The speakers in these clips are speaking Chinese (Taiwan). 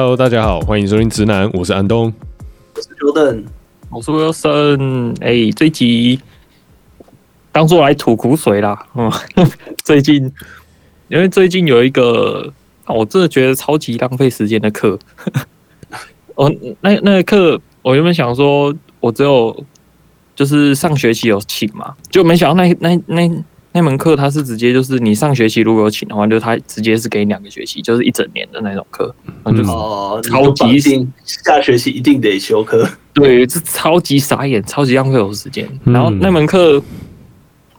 Hello，大家好，歡迎收聽直男，我是安東，我是 Jordan，我是 Wilson。哎、欸，這一集當做來吐苦水啦，嗯呵呵。最近，因為最近有一個，我真的覺得超級浪費時間的課。我那那個課，我原本想說，我只有就是上學期有請嘛，就沒想到那那那。那那門課他是直接就是你上學期如果有請的話，就他直接是給你兩個學期，就是一整年的那種課、嗯。就哦，超級一定下學期一定得修課。對，這超級傻眼，超級浪費我時間。嗯、然後那門課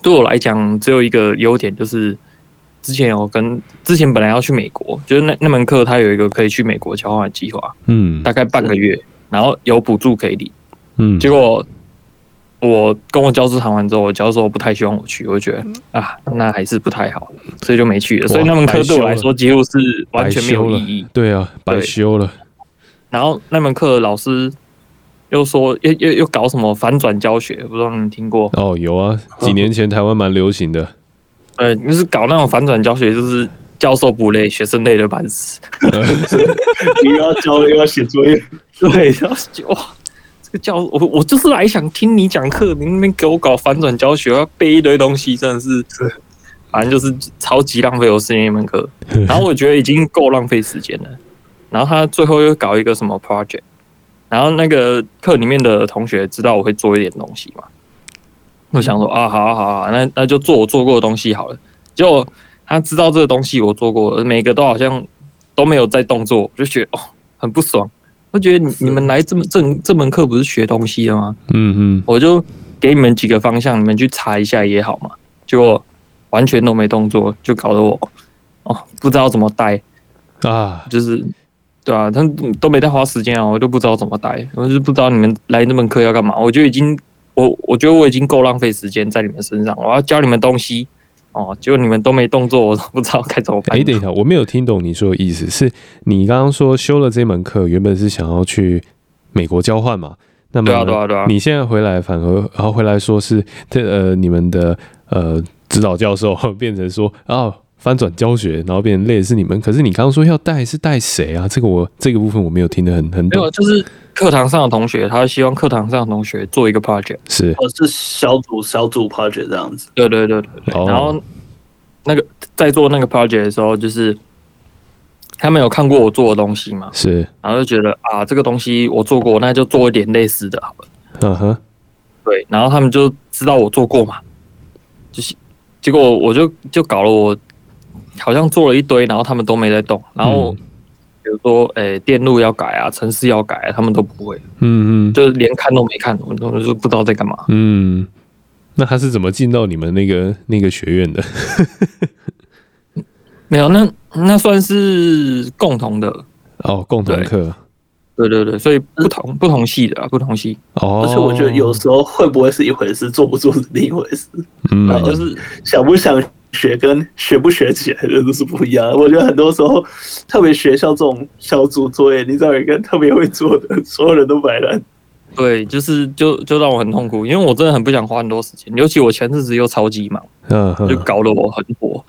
對我來講只有一個優點，就是之前有跟之前本來要去美國，就是那那門課它有一個可以去美國交換的計劃，嗯，大概半個月，然後有補助可以領，嗯，結果。我跟我教授談完之後，我教授不太希望我去，我覺得啊，那還是不太好，所以就沒去了。所以那門課對我來說幾乎是完全沒有意義。白修了。對啊，對白修了。然後那門課老師又說又又又搞什麼反轉教學，不知道你們聽過？哦，有啊，幾年前台灣蠻流行的。呃，就是搞那種反轉教學，就是教授不累，學生累的板子。又 要教，又要寫作業，對，要教。教我，我就是來想聽你講課。你明明給我搞反轉教學，要背一堆東西，真的是呵呵，反正就是超級浪費我時間一門課。 然後我覺得已經夠浪費時間了。然後他最後又搞一個什麼 project。然後那個課裡面的同學知道我會做一點東西嘛？我想說啊，好啊好好、啊，那那就做我做過的東西好了。結果他知道這個東西我做過了，每個都好像都沒有在動作，我就覺得哦，很不爽。我覺得你你們來這麼這這門課不是學東西的嗎？嗯嗯 哼，我就給你們幾個方向，你們去查一下也好嘛。結果完全都沒動作，就搞得我哦不知道怎麼帶啊，就是對啊，他都沒在花時間啊，我都不知道怎麼帶，我就不知道你們來這門課要幹嘛。我就已經我我覺得我已經夠浪費時間在你們身上，我要教你們東西。哦，就、喔、你們都沒動作，我都不知道該怎麼辦。誒、欸，等一下，我沒有聽懂你說的意思。是你剛剛說修了這門課，原本是想要去美國交換嘛？那麼，對啊，對啊，對啊。你現在回來，反而然後回來說是這呃，你們的呃指導教授變成說啊、哦，翻轉教學，然後變成累的是你們。可是你剛剛說要帶是帶誰啊？這個我這個部分我沒有聽得很很懂，就是。課堂上的同學，他希望課堂上的同學做一個 project，是，哦，是小組小組 project 這樣子。對,對對對對，oh. 然後那個在做那個 project 的時候，就是他們有看過我做的東西嘛？是，然後就覺得啊，這個東西我做過，那就做一點類似的好了。嗯哼、uh。Huh. 對，然後他們就知道我做過嘛，就是結果我就就搞了我，我好像做了一堆，然後他們都沒在動，然後。嗯比如說，誒、欸，電路要改啊，程式要改、啊，他們都不會。嗯嗯，就是連看都沒看，我們就不知道在幹嘛。嗯，那他是怎麼進到你們那個那個學院的？ 沒有，那那算是共同的哦，共同課。對，對對對，所以不同、嗯、不同系的、啊，不同系。哦，而且我覺得有時候會不會是一回事，做不做是另一回事。嗯、啊，就是想不想。學跟學不學起來的都是不一樣。我覺得很多時候，特別學校這種小組作業，你找一個特別會做的，所有人都擺爛。對，就是就就讓我很痛苦，因為我真的很不想花很多時間，尤其我前日子又超級忙，呵呵就搞得我很火。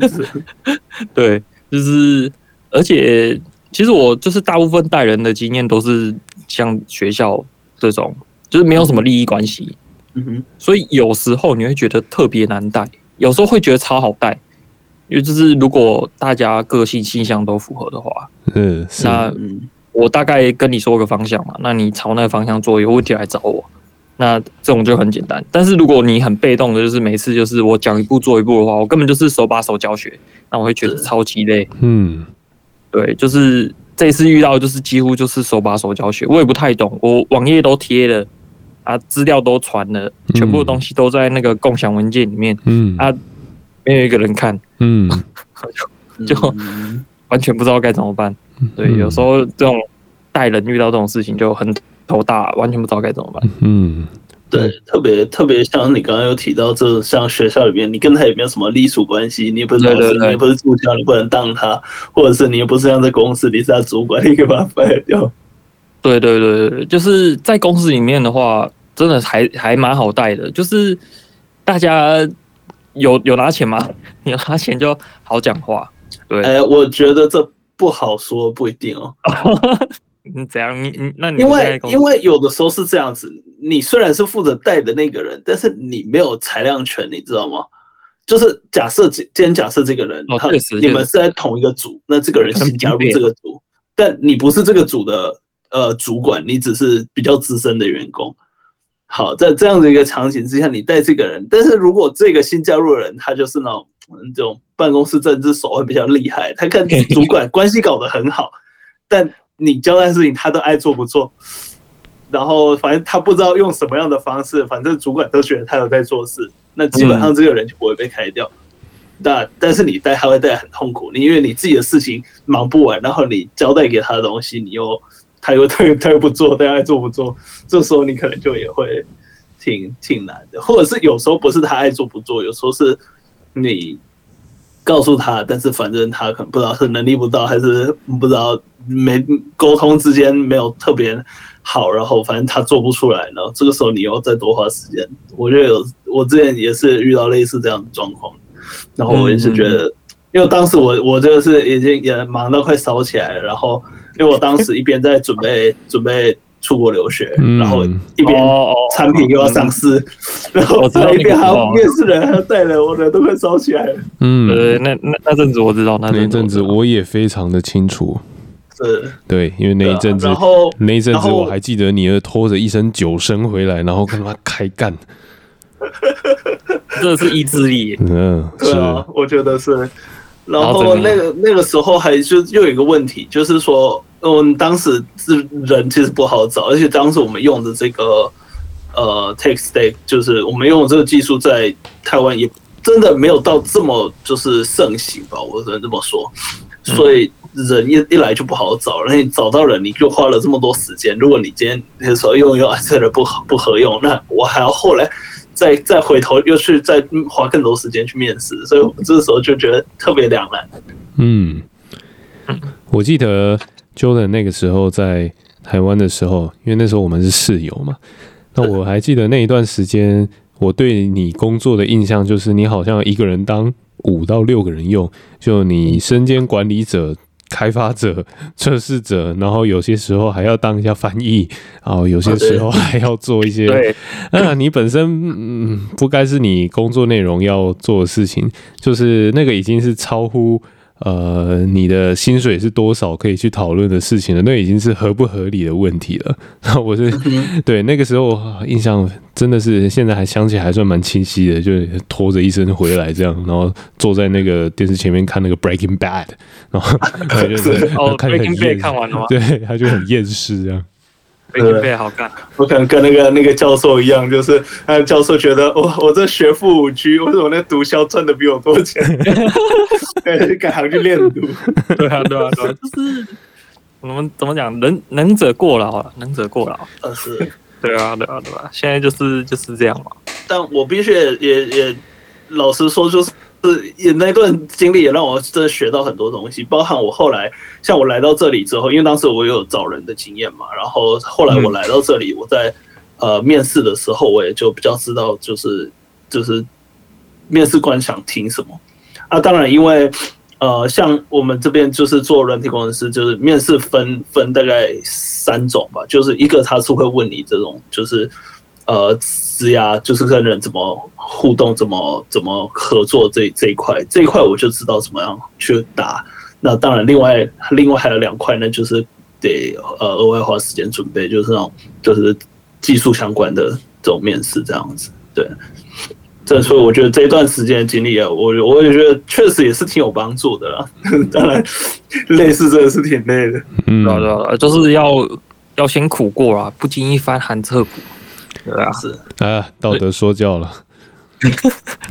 是 對，就是，而且其實我就是大部分帶人的經驗都是像學校這種，就是沒有什麼利益關係。嗯哼，所以有時候你會覺得特別難帶。有時候會覺得超好帶，因為就是如果大家個性、傾向都符合的話，嗯，那是嗯我大概跟你說個方向嘛，那你朝那個方向做，有問題來找我，那這種就很簡單。但是如果你很被動的，就是每次就是我講一步做一步的話，我根本就是手把手教學，那我會覺得超級累。嗯，對，就是這次遇到就是幾乎就是手把手教學，我也不太懂，我網頁都貼了。啊，資料都傳了，全部東西都在那個共享文件裡面。嗯，啊，沒有一個人看。嗯呵呵，就，就完全不知道該怎麼辦。嗯、對，有時候這種帶人遇到這種事情就很頭大，完全不知道該怎麼辦。嗯，對，特別特別像你剛剛有提到這，像學校裡面，你跟他也沒有什麼隸屬關係，你也不是，你不是助教，你不能當他，或者是你不是這樣的公司，你是他主管，你可以把他法掉。對對對對，就是在公司裡面的話，真的還還蠻好帶的。就是大家有有拿錢嗎？ 有拿錢就好講話。對，哎、欸，我覺得這不好說，不一定哦，哦。你怎樣？你你那？ 你。你因為因為有的時候是這樣子，你雖然是負責帶的那個人，但是你沒有裁量權，你知道嗎？就是假設今今天假設這個人他、哦、你們是在同一個組，這是那這個人新加入這個組，但你不是這個組的。呃，主管，你只是比較資深的員工。好，在這樣的一個場景之下，你帶這個人，但是如果這個新加入的人，他就是那種、嗯、這種辦公室政治手腕比較厲害，他跟主管關係搞得很好，但你交代事情，他都愛做不做。然後，反正他不知道用什麼樣的方式，反正主管都覺得他有在做事，那基本上這個人就不會被開掉。嗯、那但是你帶他會帶很痛苦，你因為你自己的事情忙不完，然後你交代給他的東西，你又。他又他他不做，他愛做不做，這個時候你可能就也會挺挺難的，或者是有時候不是他愛做不做，有時候是你告訴他，但是反正他可能不知道是能力不到，還是不知道沒溝通之間沒有特別好，然後反正他做不出來，然後這個時候你又再多花時間。我就有我之前也是遇到類似這樣的狀況，然後我也是覺得，嗯嗯因為當時我我這個是已經也忙到快燒起來了，然後。因為我當時一邊在準備準備出國留學，然後一邊產品又要上市，然後還一邊還要面試人，要帶人，我人都快燒起來了。嗯，對，那那那陣子我知道，那那陣子我也非常的清楚。是，對，因為那一陣子，那一陣子我還記得你兒拖着一身酒身回來，然後跟他開幹，這是意志力。嗯，是，我覺得是。然後那個後、那個、那個時候還就又有一個問題，就是說嗯，當時是人其實不好找，而且當時我們用的這個呃 tech stack，就是我們用的這個技術在台灣也真的沒有到這麼就是盛行吧，我只能這麼說。所以人一一來就不好找，那你找到人你就花了這麼多時間。如果你今天那時候用又這的不合不合用，那我還要後來。再再回頭又去再花更多時間去面試，所以我這個時候就覺得特別兩難。嗯，我記得 Jordan 那個時候在台灣的時候，因為那時候我們是室友嘛，那我還記得那一段時間，我對你工作的印象就是你好像一個人當五到六個人用，就你身兼管理者。開發者、測試者，然後有些時候還要當一下翻譯，然後有些時候還要做一些，對，那你本身對、嗯、不該是你工作內容要做的事情，就是那個已經是超乎。呃，你的薪水是多少可以去討論的事情的，那已經是合不合理的問題了。然後我是、嗯、哼對那個時候印象真的是現在還想起還算蠻清晰的，就拖着一身回來這樣，然後坐在那個電視前面看那個《Breaking Bad》，然後他就是後看他很哦，《Breaking Bad》看完了嗎？對，他就很厭世這樣。哦非常非好看幹。我可能跟那個那個教授一樣，就是，呃、那個，教授覺得我、哦、我這學富五車，為什麼那毒梟賺的比我多錢？對，就改行去練毒、啊。對啊對啊對啊，對啊 就是我們怎，怎麼講能能者過勞啊，能者過勞，呃、啊、是 對啊對啊，對啊，對，啊對啊，現在就是就是這樣嘛。但我必須也也也老實說，就是。呃，也那段經歷也讓我真的學到很多東西，包含我後來像我來到這裡之後，因為當時我有找人的經驗嘛，然後後來我來到這裡，我在呃面試的時候，我也就比較知道、就是，就是就是面試官想聽什麼啊。當然，因為呃，像我們這邊就是做軟體工程師，就是面試分分大概三種吧，就是一個他是會問你這種，就是呃。資呀，就是跟人怎麼互動，怎麼怎麼合作這這一塊，這一塊我就知道怎麼樣去打。那當然，另外另外還有兩塊呢，就是得呃額外花時間準備，就是那種就是技術相關的這種面試這樣子。對，這所以我覺得這一段時間的經歷啊，我我也覺得確實也是挺有幫助的啦。當然，類似這個是挺累的，嗯,嗯，好的，就是要要先苦過啊，不經一番寒徹骨。啊，啊，道德說教了。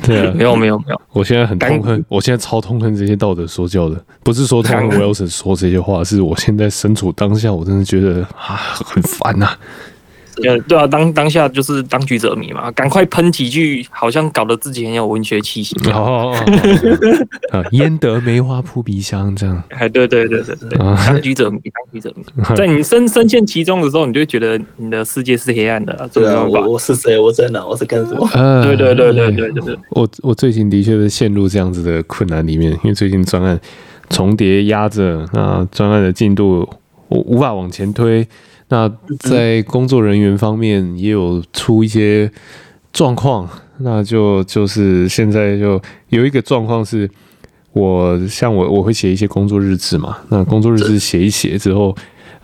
對 啊沒，沒有沒有沒有，我現在很痛恨，敢我現在超痛恨這些道德說教的。不是說他們 Wilson 說這些話，敢是我現在身處當下，我真的覺得啊，很煩吶，啊。呃、嗯，對啊，當當下就是當局者迷嘛，趕快噴幾句，好像搞得自己很有文學氣息哦。呃，焉得梅花撲鼻香這樣？ 哎，對對對對對，當局者迷，啊、當局者迷，在你深深陷其中的時候，你就覺得你的世界是黑暗的，的對啊，我我是誰？我在哪？我是幹什麼？呃，對對對對對對，對我，我我最近的確是陷入這樣子的困難裡面，因為最近專案重疊壓着，啊、呃，專案的進度我無法往前推。那在工作人員方面也有出一些狀況，那就就是現在就有一個狀況是，我像我我會寫一些工作日誌嘛，那工作日誌寫一寫之後，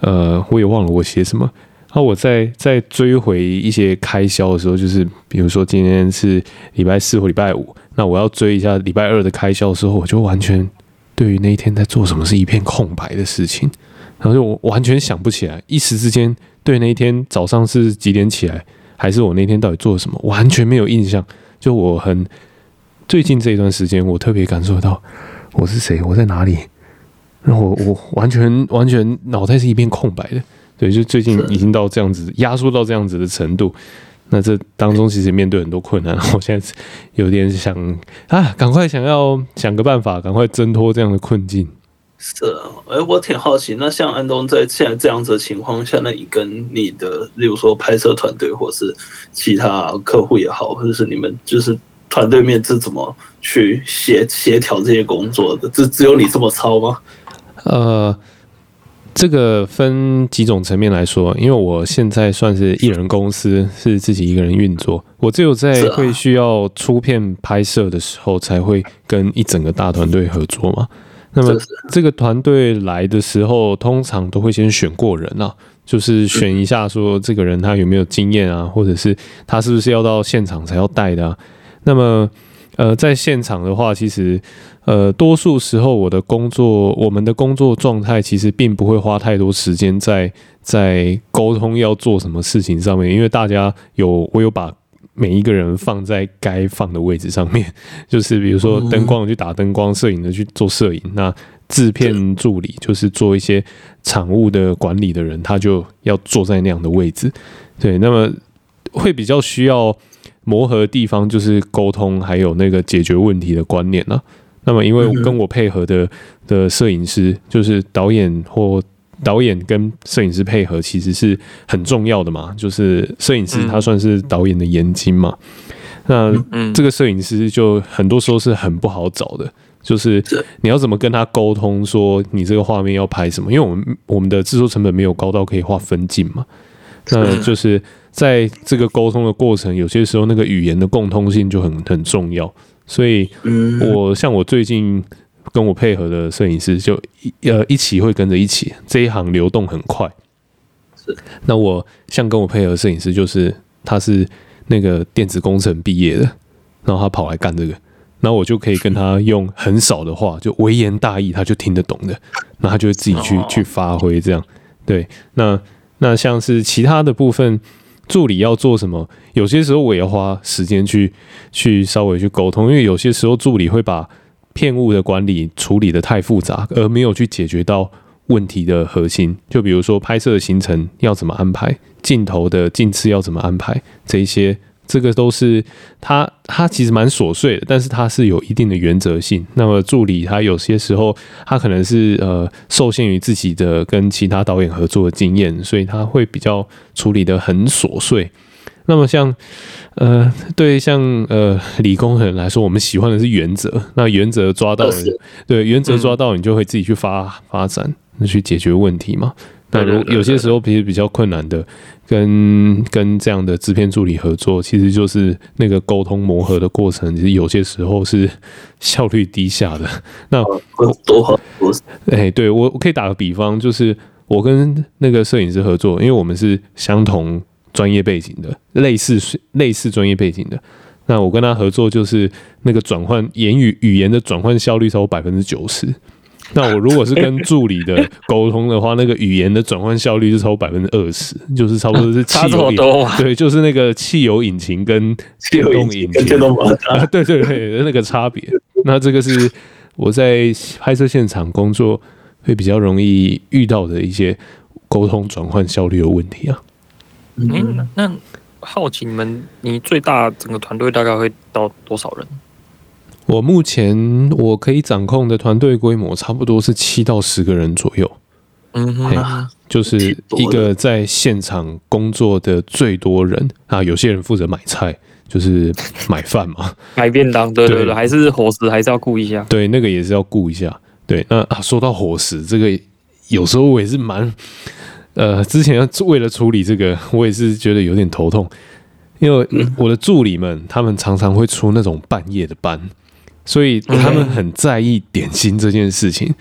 呃，我也忘了我寫什麼。啊，那我在在追回一些開銷的時候，就是比如說今天是禮拜四或禮拜五，那我要追一下禮拜二的開銷的時候，我就完全對於那一天在做什麼是一片空白的事情。然後就我完全想不起來，一時之間對那一天早上是幾點起來，還是我那天到底做了什麼，完全沒有印象。就我很最近這一段時間，我特別感受到我是誰，我在哪裡。然後我我完全完全腦袋是一片空白的，對，就最近已經到這樣子，壓縮到這樣子的程度。那這當中其實面對很多困難，我現在有點想啊，趕快想要想個辦法，趕快掙脫這樣的困境。是啊，哎，我挺好奇，那像安東在現在這樣子的情況下，那你跟你的，例如說拍攝團隊，或是其他客戶也好，或者是你們就是團隊面是怎麼去協協調這些工作的？只只有你這麼操嗎？呃，這個分幾種層面來說，因為我現在算是藝人公司，是自己一個人運作，我只有在會需要出片拍攝的時候，才會跟一整個大團隊合作嘛。那麼這個團隊來的時候，通常都會先選過人啊，就是選一下說這個人他有沒有經驗啊，或者是他是不是要到現場才要帶的啊。那麼呃，在現場的話，其實呃，多數時候我的工作，我們的工作狀態其實並不會花太多時間在在溝通要做什麼事情上面，因為大家有我有把。每一個人放在該放的位置上面，就是比如說燈光的去打燈光，攝影的去做攝影，那制片助理就是做一些場務的管理的人，他就要坐在那樣的位置。對，那麼會比較需要磨合的地方就是溝通，還有那個解決問題的觀念呢。那麼因為跟我配合的的攝影師就是導演或。導演跟攝影師配合其實是很重要的嘛，就是攝影師他算是導演的眼睛嘛。那這個攝影師就很多時候是很不好找的，就是你要怎麼跟他溝通說你這個畫面要拍什麼？因為我們我們的製作成本沒有高到可以畫分鏡嘛。那就是在這個溝通的過程，有些時候那個語言的共通性就很很重要。所以，我像我最近。跟我配合的攝影師就一呃，一起會跟着一起，這一行流動很快。是，那我像跟我配合攝影師，就是他是那個電子工程畢業的，然後他跑來幹這個，那我就可以跟他用很少的話，是就微言大義，他就聽得懂的，那他就會自己去、哦、去發揮這樣。對，那那像是其他的部分，助理要做什麼，有些時候我也要花時間去去稍微去溝通，因為有些時候助理會把。片務的管理處理得太複雜，而沒有去解決到問題的核心。就比如說拍攝的行程要怎麼安排，鏡頭的鏡次要怎麼安排，這一些，這個都是他他其實蠻瑣碎的，但是他是有一定的原則性。那麼助理他有些時候他可能是呃受限於自己的跟其他導演合作的經驗，所以他會比較處理得很瑣碎。那麼像。呃，對像，像呃理工人來說，我們喜歡的是原則。那原則抓到，對原則抓到，你就會自己去發、嗯、發展，那去解決問題嘛。那如有些時候，比比較困難的，跟跟這樣的製片助理合作，其實就是那個溝通磨合的過程，其實有些時候是效率低下的。那多好多哎，對我我可以打個比方，就是我跟那個攝影師合作，因為我們是相同。專業背景的，類似類似專業背景的，那我跟他合作就是那個轉換言語語言的轉換效率超過百分之九十。那我如果是跟助理的溝通的話，那個語言的轉換效率是超過百分之二十，就是差不多是差這麼多。對，就是那個汽油引擎跟電動引擎、啊，啊、對對對，那個差別。那這個是我在拍攝現場工作會比較容易遇到的一些溝通轉換效率的問題啊。嗯，那好奇你們，你最大整個團隊大概會到多少人？我目前我可以掌控的團隊規模差不多是七到十個人左右。嗯哼、欸，就是一個在現場工作的最多人多啊，有些人負責買菜，就是買飯嘛，買便當，對對對，對還是伙食還是要顧一下。對，那個也是要顧一下。對，那啊，說到伙食這個，有時候我也是蠻。呃，之前要為了處理這個，我也是覺得有點頭痛，因為我的助理們、嗯、他們常常會出那種半夜的班，所以他們很在意點心這件事情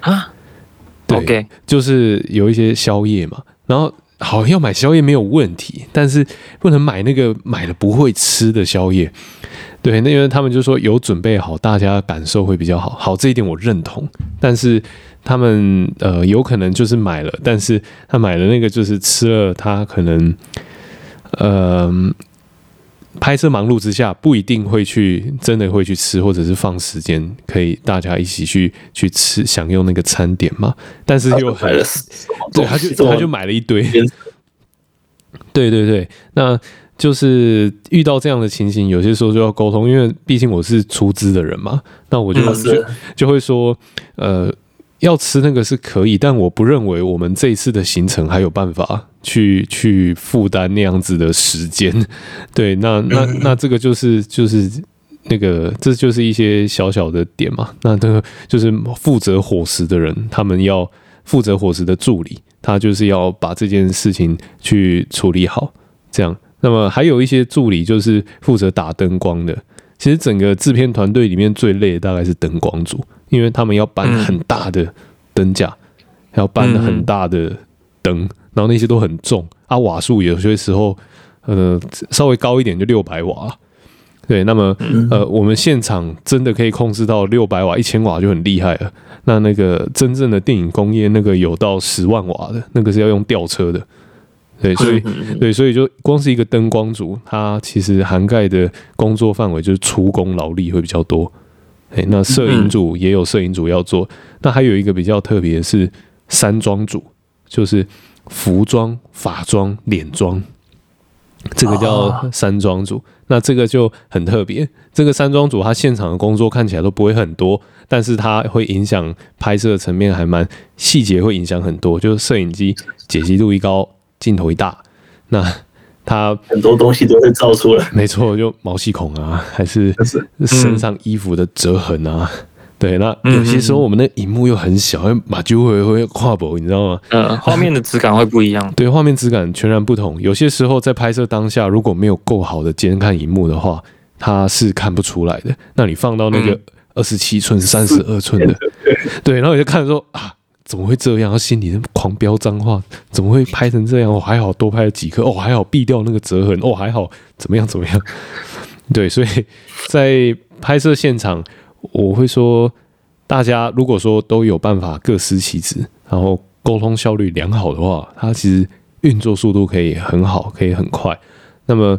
啊。Okay. 對，Okay. 就是有一些宵夜嘛，然後好要買宵夜沒有問題，但是不能買那個買了不會吃的宵夜。對，那因為他們就說有準備好，大家感受會比較好。好，這一點我認同，但是。他們呃，有可能就是買了，但是他買了那個就是吃了，他可能呃，拍攝忙碌之下，不一定會去真的會去吃，或者是放時間可以大家一起去去吃享用那個餐點嘛。但是又很對，他就他就買了一堆。 對對對，那就是遇到這樣的情形，有些時候就要溝通，因為畢竟我是出資的人嘛，那我就、嗯、的就，就會說呃。要吃那個是可以，但我不認為我們這一次的行程還有辦法去去負擔那樣子的時間。對，那那那這個就是就是那個，這就是一些小小的點嘛。那這個就是負責伙食的人，他們要負責伙食的助理，他就是要把這件事情去處理好，這樣。那麼還有一些助理就是負責打燈光的。其實整個製片團隊裡面最累的大概是燈光組。因為他們要搬很大的燈架，嗯、要搬很大的燈，嗯、然後那些都很重。啊，瓦數有些時候，呃，稍微高一點就六百瓦，對。那麼，呃，我們現場真的可以控制到六百瓦，一千瓦就很厲害了。那那個真正的電影工業，那個有到十萬瓦的，那個是要用吊車的，對。所以，對，所以就光是一個燈光組，它其實涵蓋的工作範圍，就是粗工勞力會比較多。欸、那攝影組也有攝影組要做，嗯、哼那還有一個比較特別的是山妝組，就是服裝、髮裝、臉裝這個叫山妝組。啊、那這個就很特別，這個山莊組它現場的工作看起來都不會很多，但是它會影響拍攝層面還，還蠻細節，會影響很多。就是攝影機解析度一高，鏡頭一大，那。它很多東西都會照出來，沒錯，就毛細孔啊，還是身上衣服的折痕啊， 嗯、對。那有些時候我們的螢幕又很小，嗯嗯馬就會會跨薄，你知道嗎？呃、嗯，畫面的質感會不一樣， 對，畫面質感全然不同。有些時候在拍攝當下，如果沒有夠好的監看螢幕的話，它是看不出來的。那你放到那個二十七寸、三十二寸的。 對，對，對，對，然後我就看說啊。怎麼會這樣？心裡狂飆髒話，怎麼會拍成這樣？我、哦，還好多拍了幾顆哦，還好避掉那個折痕哦，還好怎麼樣？怎麼樣？對，所以在拍攝現場，我會說，大家如果說都有辦法各司其職，然後溝通效率良好的話，它其實運作速度可以很好，可以很快。那麼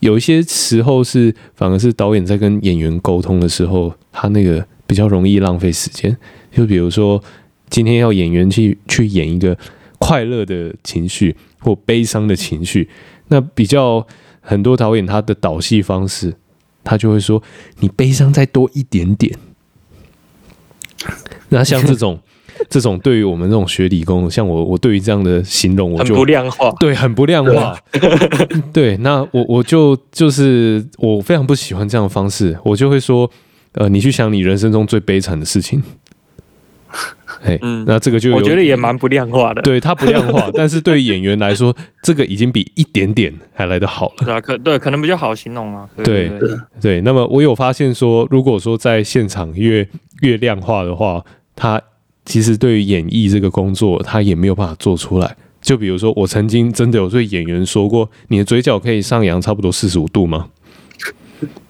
有一些時候是反而是導演在跟演員溝通的時候，他那個比較容易浪費時間，就比如說。今天要演員去去演一個快樂的情緒或悲傷的情緒，那比較很多導演他的導戲方式，他就會說你悲傷再多一點點。 那像這種這種對於我們這種學理工，像我我對於這樣的形容，我就很不量化，對，很不量化。 對，那我我就就是我非常不喜歡這樣的方式，我就會說，呃，你去想你人生中最悲慘的事情。哎，嘿嗯、那這個就我覺得也蠻不量化的，對它不量化， 但是對於演員來說，這個已經比一點點還來得好了，啊。可對，可能比較好形容啊。對對，對，對，對，那麼我有發現說，如果說在現場越越量化的話，他其實對於演藝這個工作，他也沒有辦法做出來。就比如說，我曾經真的有對演員說過：“你的嘴角可以上揚差不多四十五度嗎？”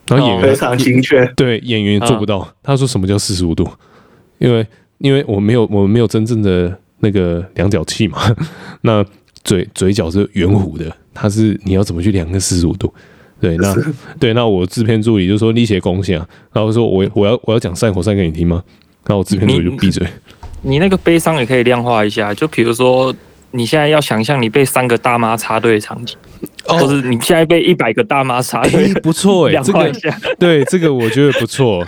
然後演員非常精確，對演員做不到。嗯、他說：“什麼叫四十五度？”因為因為我沒有，我沒有真正的那個量角器嘛，那嘴嘴角是圓弧的，它是你要怎麼去量個四十五度？對，那 對，那我製片助理就說，你寫功效啊，然後說我，我要我要我要講散口散給你聽嗎？那我製片助理就閉嘴你你。你那個悲傷也可以量化一下，就比如說你現在要想象你被三個大媽插隊的場景，哦、或是你現在被一百個大媽插隊、欸，不錯哎，量化一下，這個對這個我覺得不錯。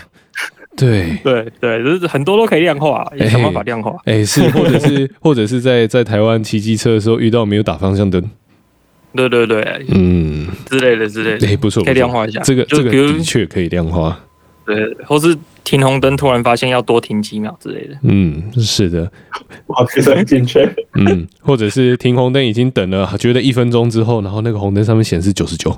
對對對，就是很多都可以量化，想、欸、辦法量化。哎、欸，是，或者是 或者是在在台灣騎機車的時候遇到沒有打方向燈，對對對、啊，嗯，之類的之類的，哎、欸，不錯，不錯可以量化一下。這個這個的確可以量化。對，或是停紅燈突然發現要多停幾秒之類的。嗯，是的，哇，真的很精確。嗯，或者是停紅燈已經等了，覺得一分鐘之後，然後那個紅燈上面顯示九十九。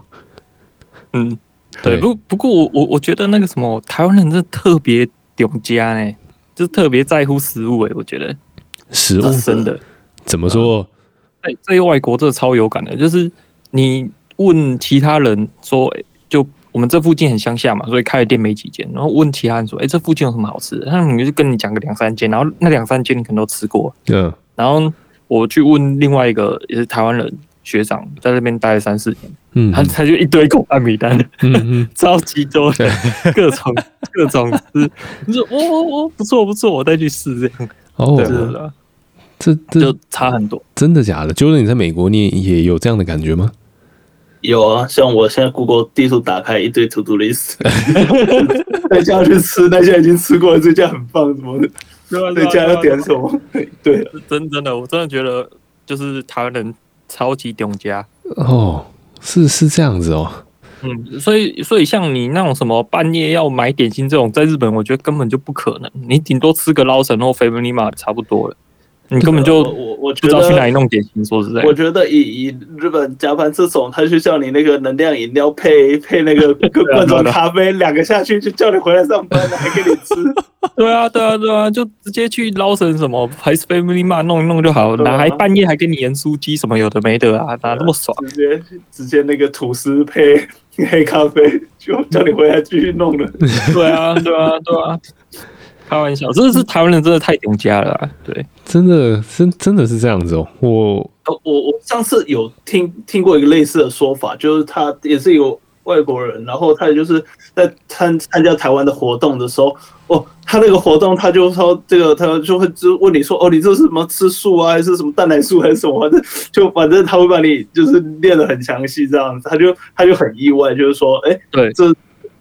嗯。對不，不不過我我我覺得那個什麼台灣人真的特別懂家呢，就是特別在乎食物誒、欸，我覺得食物真的怎麼說？在、呃、這外國這超有感的，就是你問其他人說，就我們這附近很鄉下嘛，所以開了店沒幾間。然後問其他人說，哎、欸，這附近有什麼好吃的？他們就跟你講個兩三間，然後那兩三間你可能都吃過。對。嗯、然後我去問另外一個也是台灣人。學長在這邊待了三四年，他他就一堆空白名單，嗯嗯，超級多，各種各種吃，你說哦哦不錯不錯，我再去試這樣。哦，是。這這就差很多，真的假的？就是你在美國，你也有這樣的感覺嗎？有啊，像我現在 Google 地圖打開一堆 To Do List，在家去吃，那家已經吃過了，這家很棒什麼的，那家要點什麼？對，真真的，我真的覺得就是台灣人。超級頂家哦，是是這樣子哦，嗯，所以所以像你那種什麼半夜要買點心這種，在日本我覺得根本就不可能，你頂多吃個撈神或肥本尼瑪差不多了。你根本就我我不知道去哪裡弄點心，說是這我覺得以以日本加班這種，他就叫你那個能量飲料配配那個罐裝咖啡，兩、 啊、個下去就叫你回來上班， 還給你吃。對啊，對啊，對啊，就直接去撈神什麼還是方便麵弄一弄就好，了、啊。哪還半夜還給你鹽酥雞什麼，有的沒的啊，咋、啊、那麼爽？直接直接那個吐司配黑咖啡，就叫你回來繼續弄了。 對啊，對啊，對啊。 開玩笑，真的是台灣人真的太懂家了、啊，對，真的是真，真的是這樣子哦。我我我上次有聽聽過一個類似的說法，就是他也是有外國人，然後他也就是在參參加台灣的活動的時候，哦，他那個活動他，他就說這個他就會就問你說，哦，你這是什麼吃素啊，還是什麼蛋奶素，還是什麼，的，就反正他會把你就是練得很詳細這樣子，他就他就很意外，就是說，哎、欸，對，這。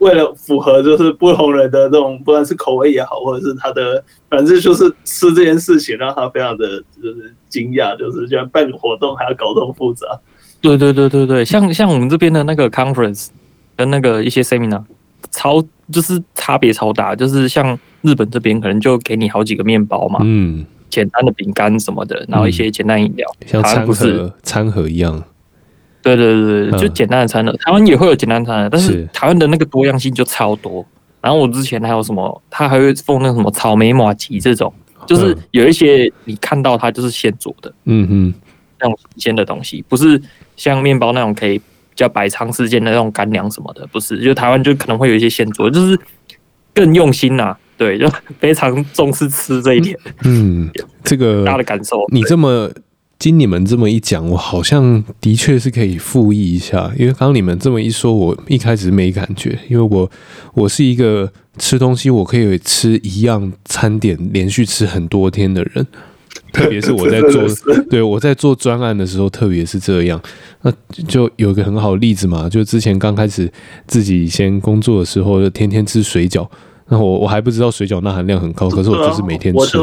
為了符合就是不同人的這種，不管是口味也好，或者是他的，反正就是吃這件事情讓他非常的就是驚訝，就是居然辦個活動還要搞這麼複雜。對對對對對，像像我們這邊的那個 conference 跟那個一些 seminar，超就是差別超大，就是像日本這邊可能就給你好幾個麵包嘛，嗯，簡單的餅乾什麼的，然後一些簡單飲料，嗯，像餐盒餐盒一樣。對對對，就簡單的餐了。嗯、台灣也會有簡單的餐，但是台灣的那個多樣性就超多。是然後我之前還有什麼，他還會放那什麼草莓麻糬這種，嗯、就是有一些你看到它就是現做的。嗯哼，嗯，那種鮮的東西，不是像麵包那種可以叫擺長時間的那種乾糧什麼的，不是。就台灣就可能會有一些現做的，就是更用心吶、啊，對，就非常重視吃這一點。嗯，這、嗯、個 大的感受，你這麼。經你們這麼一講，我好像的確是可以附議一下，因為剛剛你們這麼一說，我一開始沒感覺，因為我我是一個吃東西我可以吃一樣餐點連續吃很多天的人，特別是我在做 對我在做專案的時候，特別是這樣，那就有一個很好的例子嘛，就之前剛開始自己先工作的時候，就天天吃水餃，那我我還不知道水餃鈉含量很高，可是我就是每天吃。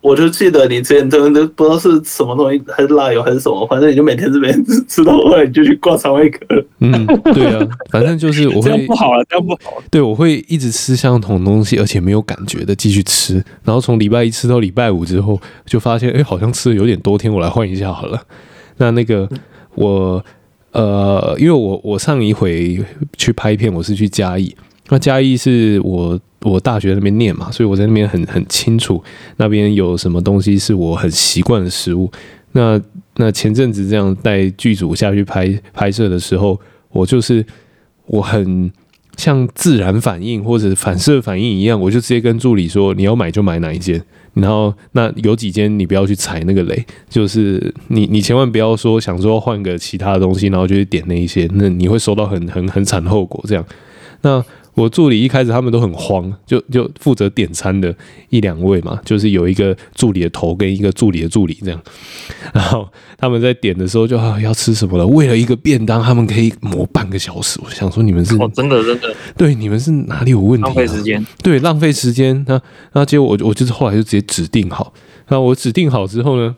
我就記得你之前真的不知道是什麼東西，還是辣油還是什麼，反正你就每天這邊吃到餓，你就去掛腸胃科。嗯，對啊，反正就是我會 這樣不好了、啊，這樣不好、啊。對，我會一直吃相同的東西，而且沒有感覺的繼續吃，然後從禮拜一吃到禮拜五之後，就發現哎、欸，好像吃的有點多天，天我來換一下好了。那那個我呃，因為我我上一回去拍片，我是去嘉義。那嘉義是我我大學那邊念嘛，所以我在那邊很很清楚那邊有什麼東西是我很習慣的食物。那那前陣子這樣帶劇組下去拍拍攝的時候，我就是我很像自然反應或者反射反應一樣，我就直接跟助理說：“你要買就買哪一間”，然後那有幾間你不要去踩那個雷，就是你你千萬不要說想說換個其他的東西，然後就去點那一些，那你會收到很很很慘的後果。這樣，那。我助理一開始他們都很慌，就就負責點餐的一兩位嘛，就是有一個助理的頭跟一個助理的助理這樣，然後他們在點的時候就、啊、要吃什麼了，為了一個便當他們可以磨半個小時，我想說你們是，哦真的真的對，你們是哪裡有問題、啊、浪費時間對浪費時間，那那結果我我就是後來就直接指定好。那我指定好之後呢，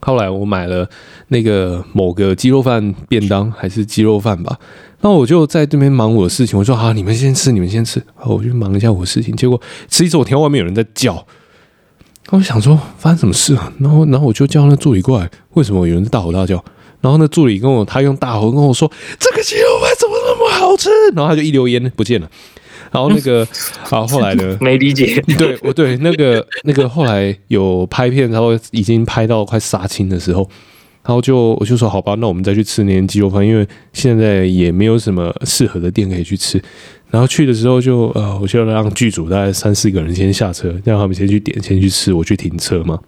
後來我買了那個某個雞肉飯便當還是雞肉飯吧。那我就在這邊忙我的事情，我說好，你們先吃，你們先吃，好，我去忙一下我的事情。結果吃一吃我聽到外面有人在叫，然後我想說發生什麼事啊？然後，然後我就叫那助理過來，為什麼有人在大吼大叫？然後那助理跟我，他用大吼跟我說：“這個雞肉飯怎麼那麼好吃？”然後他就一溜煙不見了。然後那個，然後、嗯啊、後來呢？沒理解對。對，我對那個那個後來有拍片，然後已經拍到快殺青的時候。然後就我就說好吧，那我們再去吃年雞肉飯，因為現在也沒有什麼適合的店可以去吃。然後去的時候就呃，我就讓劇組大概三四個人先下車，讓他們先去點，先去吃，我去停車嘛。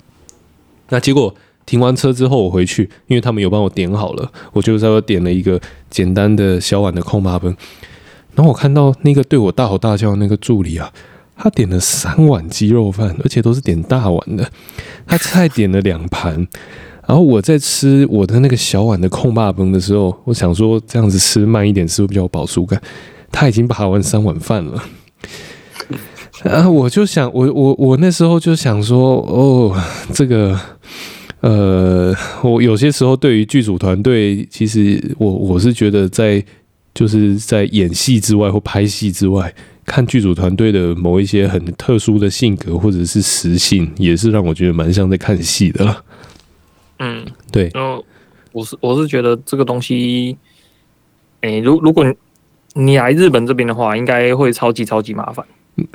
那結果停完車之後，我回去，因為他們有幫我點好了，我就稍微點了一個簡單的小碗的焢肉飯。然後我看到那個對我大吼大叫的那個助理啊，他點了三碗雞肉飯，而且都是點大碗的，他菜點了兩盤。 然後我在吃我的那個小碗的控肉飯的時候，我想說這樣子吃慢一點是不是比較有飽腹感？他已經扒完三碗飯了，啊，我就想，我我我那時候就想說，哦，這個，呃，我有些時候對於劇組團隊，其實我我是覺得在就是在演戲之外或拍戲之外，看劇組團隊的某一些很特殊的性格或者是實性，也是讓我覺得蠻像在看戲的。嗯，對。然後、嗯、我是我是覺得這個東西，哎，如果如果你你來日本這邊的話，應該會超級超級麻煩。 你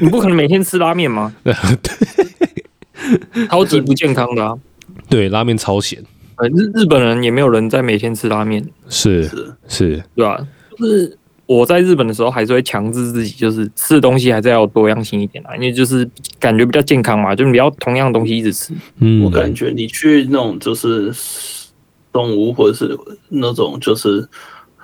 你不可能每天吃拉麵嗎？ 超級不健康的、啊。對，拉麵超鹹。日日本人也沒有人在每天吃拉麵，是是是，對是吧？是。我在日本的時候，還是會強制自己，就是吃東西還是要多樣性一點啊，因為就是感覺比較健康嘛。就你要同樣的東西一直吃。嗯，對，我感覺你去那種就是東屋，或者是那種就是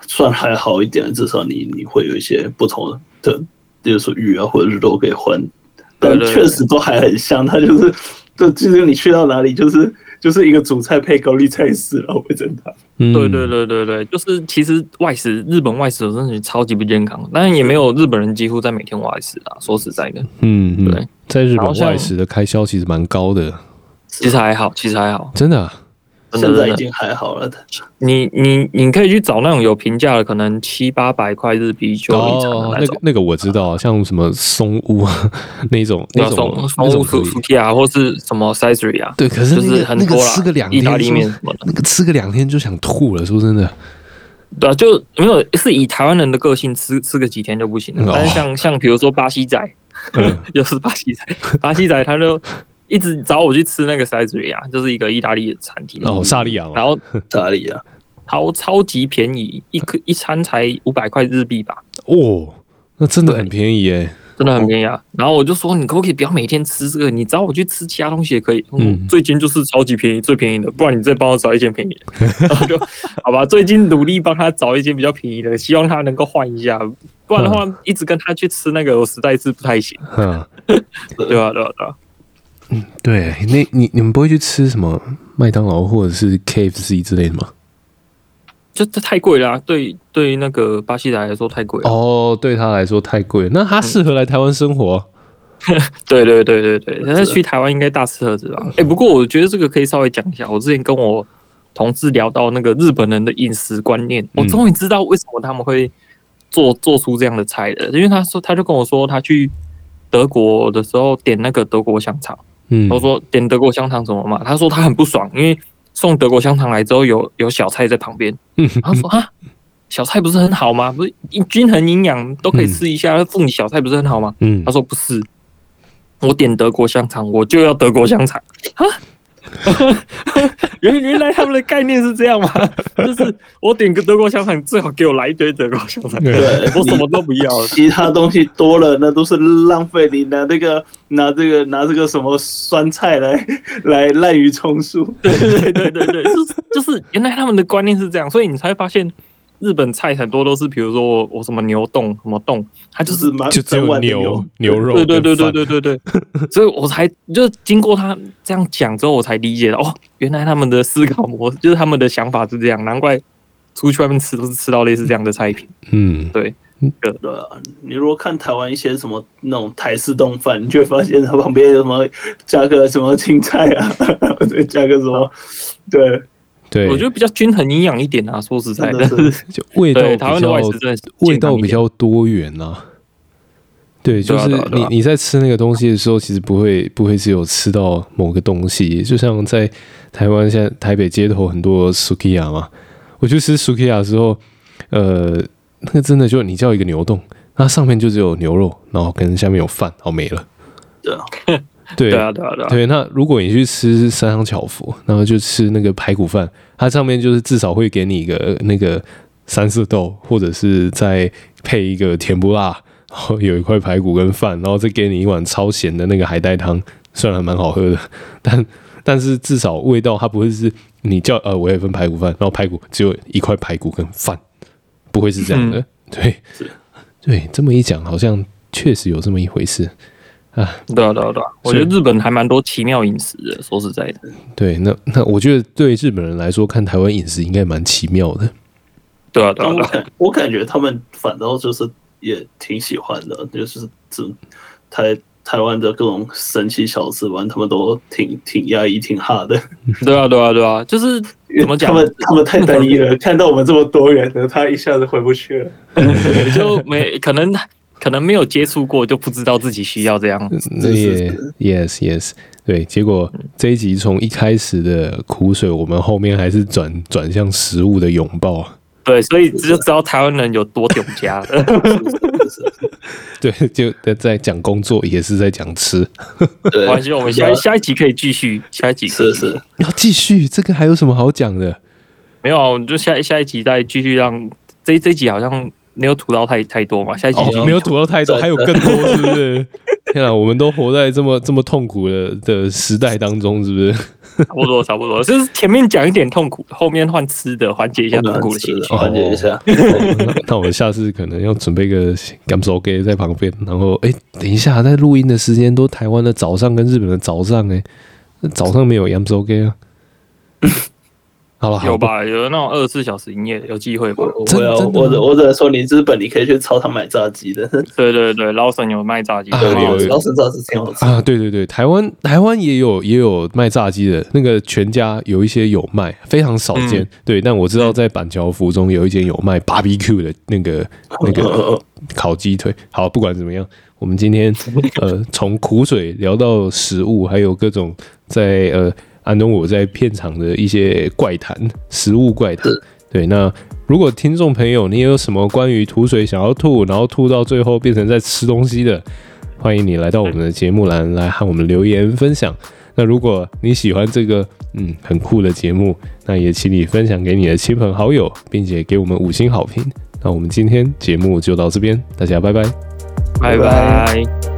算還好一點，至少你你會有一些不同的，比如說魚啊，或者是肉可以換，但確實都還很像。他就是，就就是你去到哪裡就是。就是一個主菜配高麗菜絲了，我真的。嗯，對對對對對，就是其實外食，日本外食的真的超級不健康，但也沒有日本人幾乎在每天外食啊。說實在的，嗯，嗯，對，在日本外食的開銷其實蠻高的，其實還好，其實還好，真的，啊。現在已經還好了的。你你你可以去找那種有評價的，可能七八百塊日幣就。哦，那個那個我知道，像什麼松屋那種那種松屋福福或是什麼 Saiuri 啊。對，可是就是很多啦，意大利麵，什麼的，那個吃個兩天就想吐了，說真的。對啊，就沒有是以台灣人的個性吃吃個幾天就不行了。但是像像比如說巴西仔，又是巴西仔，巴西仔他就。一直找我去吃那個塞子牙，就是一個意大利的餐廳哦，薩莉亞，然後哪裡啊？好 超級便宜，一一餐才五百塊日幣吧？哦，那真的很便宜哎，真的很便宜。啊。然後我就說，你可不可以不要每天吃這個？你找我去吃其他東西也可以。嗯，嗯最近就是超級便宜，最便宜的，不然你再幫我找一間便宜的。我 就好吧，最近努力幫他找一間比較便宜的，希望他能夠換一下，不然的話一直跟他去吃那個，哼我實在是不太行。嗯哼、 啊，對吧、啊？對吧、啊？對吧、啊？嗯，對，那你你們不會去吃什麼麥當勞或者是 K F C 之類的嗎？這這太貴了、啊，對對，那個巴西人來說太貴。哦，對他來說太貴，那他適合來台灣生活、啊？嗯、 對對對對對，那去台灣應該大吃特吃啊。哎、嗯哼欸，不過我覺得這個可以稍微講一下。我之前跟我同事聊到那個日本人的飲食觀念，嗯、我終於知道為什麼他們會做做出這樣的菜了。因為他說，他就跟我說，他去德國的時候點那個德國香腸。嗯，他說點德國香腸什麼嘛？他說他很不爽，因為送德國香腸來之後有有小菜在旁邊。嗯， 他說啊，小菜不是很好嗎？不是均衡營養都可以吃一下，送、嗯、你小菜不是很好嗎？嗯，他說不是，我點德國香腸，我就要德國香腸。啊。原 原來他們的概念是這樣嗎？ 就是我點個德國香腸，最好給我來一堆德國香腸，對我什麼都不要，其他東西多了那都是浪費。你拿這個拿這個拿這個什麼酸菜來來濫竽充數，對對對對對，就是就是原來他們的觀念是這樣，所以你才會發現。日本菜很多都是，比如說我我什麼牛丼什麼丼，它就是滿就只有牛牛肉，對對對對對對對,對， 所以我才就經過他這樣講之後，我才理解哦，原來他們的思考模式就是他們的想法是這樣，難怪出去外面吃都是吃到類似這樣的菜品。嗯對，對，嗯、對啊，你如果看台灣一些什麼那種台式丼飯，你就會發現它旁邊有什麼加個什麼青菜啊，加 個什麼對。對，我覺得比較均衡營養一點啊。說實在的，對對對，就味道比較，對，台灣的外食味道比較多元啊。對，就是你你在吃那個東西的時候，其實不會不會只有吃到某個東西。就像在台灣現在台北街頭很多 Sukiya 嘛，我去吃 Sukiya 的時候，呃，那個真的就你叫一個牛丼，那上面就只有牛肉，然後跟下面有飯，哦，沒了。對啊。對對那、啊啊啊、如果你去吃三商巧福，然後就吃那個排骨飯，它上面就是至少會給你一個那個三色豆，或者是再配一個甜不辣，然後有一塊排骨跟飯，然後再給你一碗超鹹的那個海帶湯，雖然還蠻好喝的。但但是至少味道它不會是你叫呃我也分排骨飯，然後排骨只有一塊排骨跟飯，不會是這樣的。嗯、對，對，這麼一講，好像確實有這麼一回事。啊，對啊，對，啊對啊，對啊以，對啊！我覺得日本還蠻多奇妙飲食的。說實在的，對，那那我覺得對日本人來說，看台灣飲食應該蠻奇妙的。對啊，對啊，對啊我，我感覺他們反倒就是也挺喜歡的，就是這台台灣的各種神奇小吃玩，完他們都挺挺壓抑，挺哈的。對啊，對啊，對啊，就是怎麼講？他們他們太單一了， 看到我們這麼多人，元的，他一下子回不去了， 就沒可能。可能沒有接觸過，就不知道自己需要這樣，嗯。是是是 yes, yes, 對。結果這一集從一開始的苦水，我們後面還是轉轉向食物的擁抱。對，所以就知道台灣人有多囧家。 對，就在在講工作，也是在講吃對。我希望我們下下一集可以繼續。下一集是是要繼，要繼續這個，還有什麼好講的？沒有，啊，我們就下下一集再繼續讓，讓這一這一集好像。沒有吐到太太多嘛？下一集沒有吐到太多，還有更多，是不是？對對對，天啊，我們都活在這麼這麼痛苦的的時代當中，是不是？差不多，差不多，就是前面講一點痛苦，後面換吃的，緩解一下痛苦的心情，緩解一下。那我們下次可能要準備個鹽酥雞在旁邊，然後哎、欸，等一下，在錄音的時間都台灣的早上跟日本的早上哎、欸，早上沒有鹽酥雞啊。 好好有吧，不有那種二十四小時營業，有機會吧？的我要我我只能說你，你、就、資、是、本你可以去超商買炸雞的。對對對，羅森有賣炸雞、啊、的，羅森炸雞挺好吃的啊。對對對，台灣台灣也有也有賣炸雞的，那個全家有一些有賣，非常少見。嗯、對，但我知道在板橋府中有一間有賣 BBQ 的那個、嗯、那個烤雞腿。好，不管怎麼樣，我們今天 呃從苦水聊到食物，還有各種在呃。安東，我在片場的一些怪談，食物怪談。對，那如果聽眾朋友你有什麼關於吐水想要吐，然後吐到最後變成在吃東西的，歡迎你來到我們的節目欄來和我們留言分享。那如果你喜歡這個嗯很酷的節目，那也請你分享給你的親朋好友，並且給我們五星好評。那我們今天節目就到這邊，大家拜拜，拜拜。